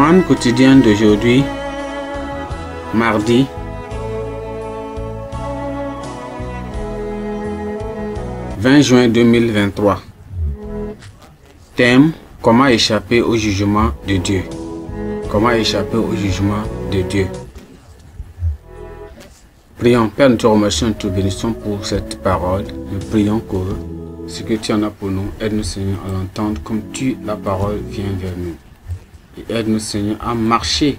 Man quotidien d'aujourd'hui, mardi. « 20 juin 2023 Thème « Comment échapper au jugement de Dieu » Comment échapper au jugement de Dieu Prions, Père, nous te remercions, nous te bénissons pour cette parole. Nous prions que ce que tu en as pour nous, aide-nous Seigneur à l'entendre comme tu, la parole, vient vers nous. Et aide-nous, Seigneur, à marcher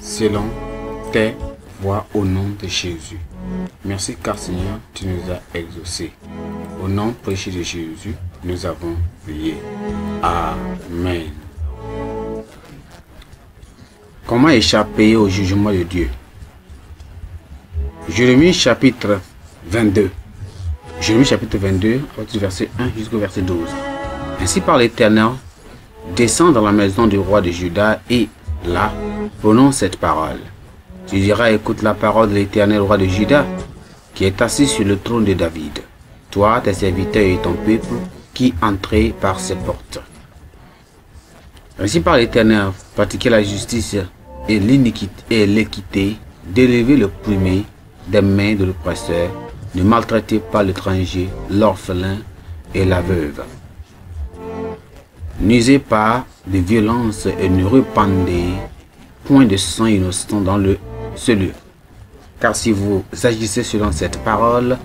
selon tes voies au nom de Jésus. Merci car, Seigneur, tu nous as exaucés. Au nom précieux de Jésus, nous avons prié. Amen. Comment échapper au jugement de Dieu Jérémie chapitre 22. Jérémie chapitre 22, verset 1 jusqu'au verset 12. Ainsi par l'Éternel, descends dans la maison du roi de Juda et, là, prononce cette parole. Tu diras, écoute la parole de l'éternel roi de Juda, qui est assis sur le trône de David, toi, tes serviteurs et ton peuple, qui entrez par ces portes. Ainsi par l'éternel, pratiquer la justice et l'équité, d'élever le premier des mains de l'oppresseur, ne maltraitez pas l'étranger, l'orphelin et la veuve n'usez pas de violence et ne répandez point de sang innocent dans le, ce lieu. Car si vous agissez selon cette parole,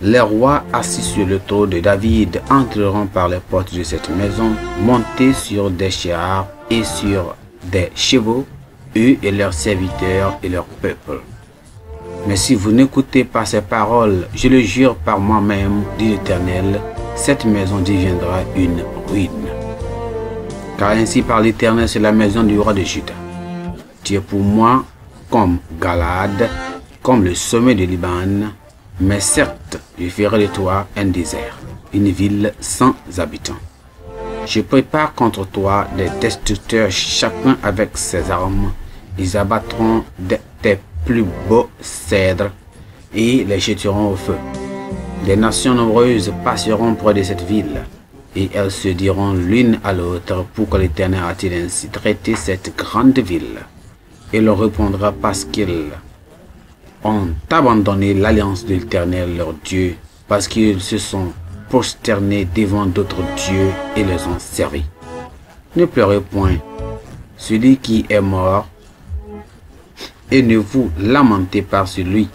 les rois assis sur le trône de David entreront par les portes de cette maison, montés sur des chars et sur des chevaux, eux et leurs serviteurs et leur peuple. Mais si vous n'écoutez pas ces paroles, je le jure par moi-même, dit l'Éternel, cette maison deviendra une ruine. Car ainsi par l'Éternel, c'est la maison du roi de Juda. Tu es pour moi comme Galade, comme le sommet de Liban, mais certes, je ferai de toi un désert, une ville sans habitants. Je prépare contre toi des destructeurs, chacun avec ses armes. Ils abattront tes plus beaux cèdres et les jeteront au feu. Des nations nombreuses passeront près de cette ville et elles se diront l'une à l'autre pourquoi l'Éternel a-t-il ainsi traité cette grande ville Et leur répondra parce qu'ils ont abandonné l'alliance de l'Éternel leur Dieu, parce qu'ils se sont prosternés devant d'autres dieux et les ont servis. Ne pleurez point, celui qui est mort, et ne vous lamentez pas celui.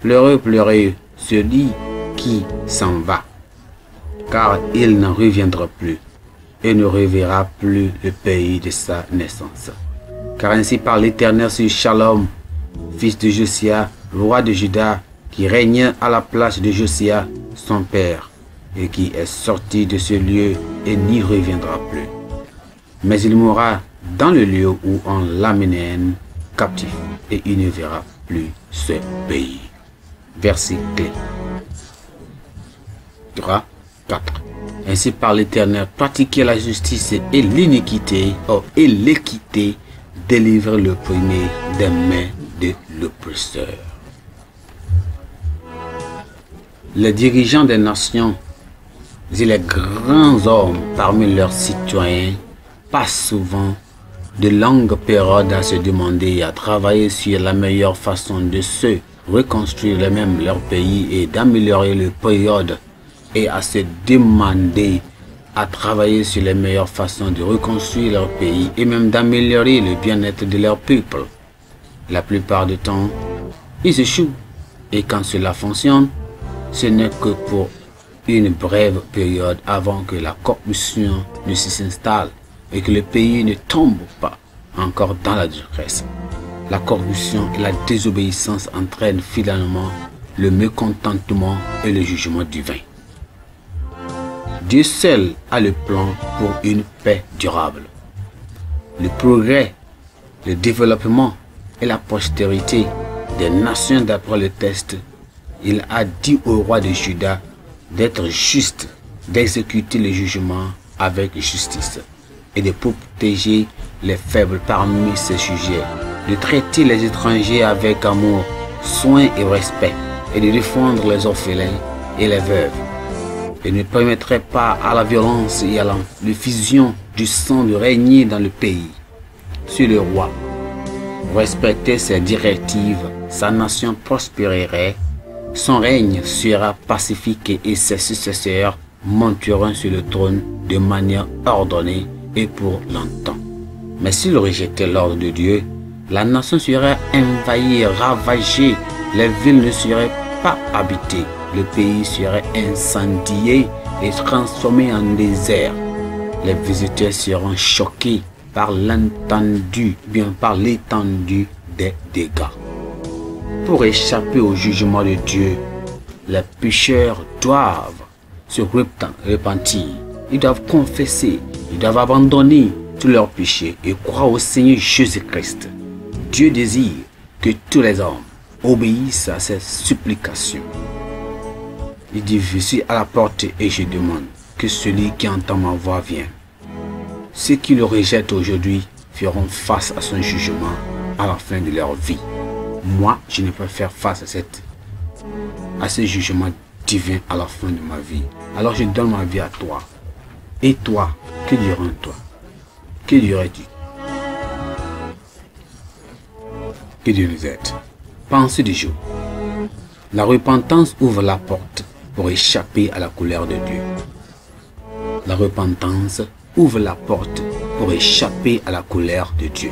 Pleurez, pleurez celui qui s'en va car il n'en reviendra plus et ne reverra plus le pays de sa naissance. Car ainsi par l'Éternel sur Shalom, fils de Josia, roi de Juda, qui règne à la place de Josia, son père, et qui est sorti de ce lieu et n'y reviendra plus. Mais il mourra dans le lieu où on mené, captif, et il ne verra plus ce pays. Verset 3. 4. Ainsi par l'Éternel, pratiquer la justice et l'iniquité, oh, et l'équité, délivrer le premier des mains de l'oppresseur. Les dirigeants des nations et les grands hommes parmi leurs citoyens passent souvent de longues périodes à se demander et à travailler sur la meilleure façon de se reconstruire même leur pays et d'améliorer le période et à se demander à travailler sur les meilleures façons de reconstruire leur pays et même d'améliorer le bien-être de leur peuple. La plupart du temps, ils échouent et quand cela fonctionne, ce n'est que pour une brève période avant que la corruption ne s'installe et que le pays ne tombe pas encore dans la dégresse. La corruption et la désobéissance entraînent finalement le mécontentement et le jugement divin. Dieu seul a le plan pour une paix durable. Le progrès, le développement et la postérité des nations d'après le test, il a dit au roi de Juda d'être juste, d'exécuter le jugement avec justice et de protéger les faibles parmi ses sujets, de traiter les étrangers avec amour, soin et respect et de défendre les orphelins et les veuves et ne permettrait pas à la violence et à l'effusion du sang de régner dans le pays. Si le roi respectait ses directives, sa nation prospérerait, son règne sera pacifique et ses successeurs monteront sur le trône de manière ordonnée et pour longtemps. Mais s'il rejetait l'ordre de Dieu, la nation serait envahie, ravagée, les villes ne seraient pas habitées le pays serait incendié et transformé en désert. Les visiteurs seront choqués par l'entendu, bien par l'étendue des dégâts. Pour échapper au jugement de Dieu, les pécheurs doivent se repentir. Ils doivent confesser, ils doivent abandonner tous leurs péchés et croire au Seigneur Jésus-Christ. Dieu désire que tous les hommes obéissent à ses supplications. Il dit, je suis à la porte et je demande que celui qui entend ma voix vienne. Ceux qui le rejettent aujourd'hui feront face à son jugement à la fin de leur vie. Moi, je ne peux faire face à, ce jugement divin à la fin de ma vie. Alors je donne ma vie à toi. Et toi, que diras tu Que dirais-tu Que Dieu nous aide. Pensez du La repentance ouvre la porte pour échapper à la colère de Dieu. La repentance ouvre la porte pour échapper à la colère de Dieu.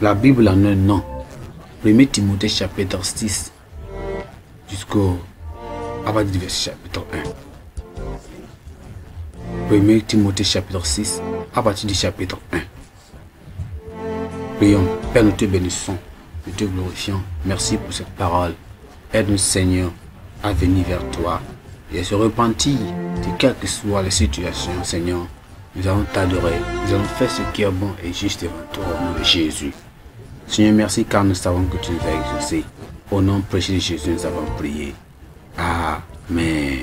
La Bible en un nom. 1 Timothée chapitre 6 jusqu'au à partir du verset chapitre 1. 1 Timothée chapitre 6 à partir du chapitre 1. Prions, Père, nous te bénissons nous te glorifions. Merci pour cette parole. Aide-nous, Seigneur, à venir vers toi et à se repentir de quelle que soit la situation, Seigneur. Nous allons t'adorer. Nous allons faire ce qui est bon et juste devant toi au Jésus. Seigneur, merci car nous savons que tu nous as exaucés. Au nom précieux de Jésus, nous avons prié. Amen.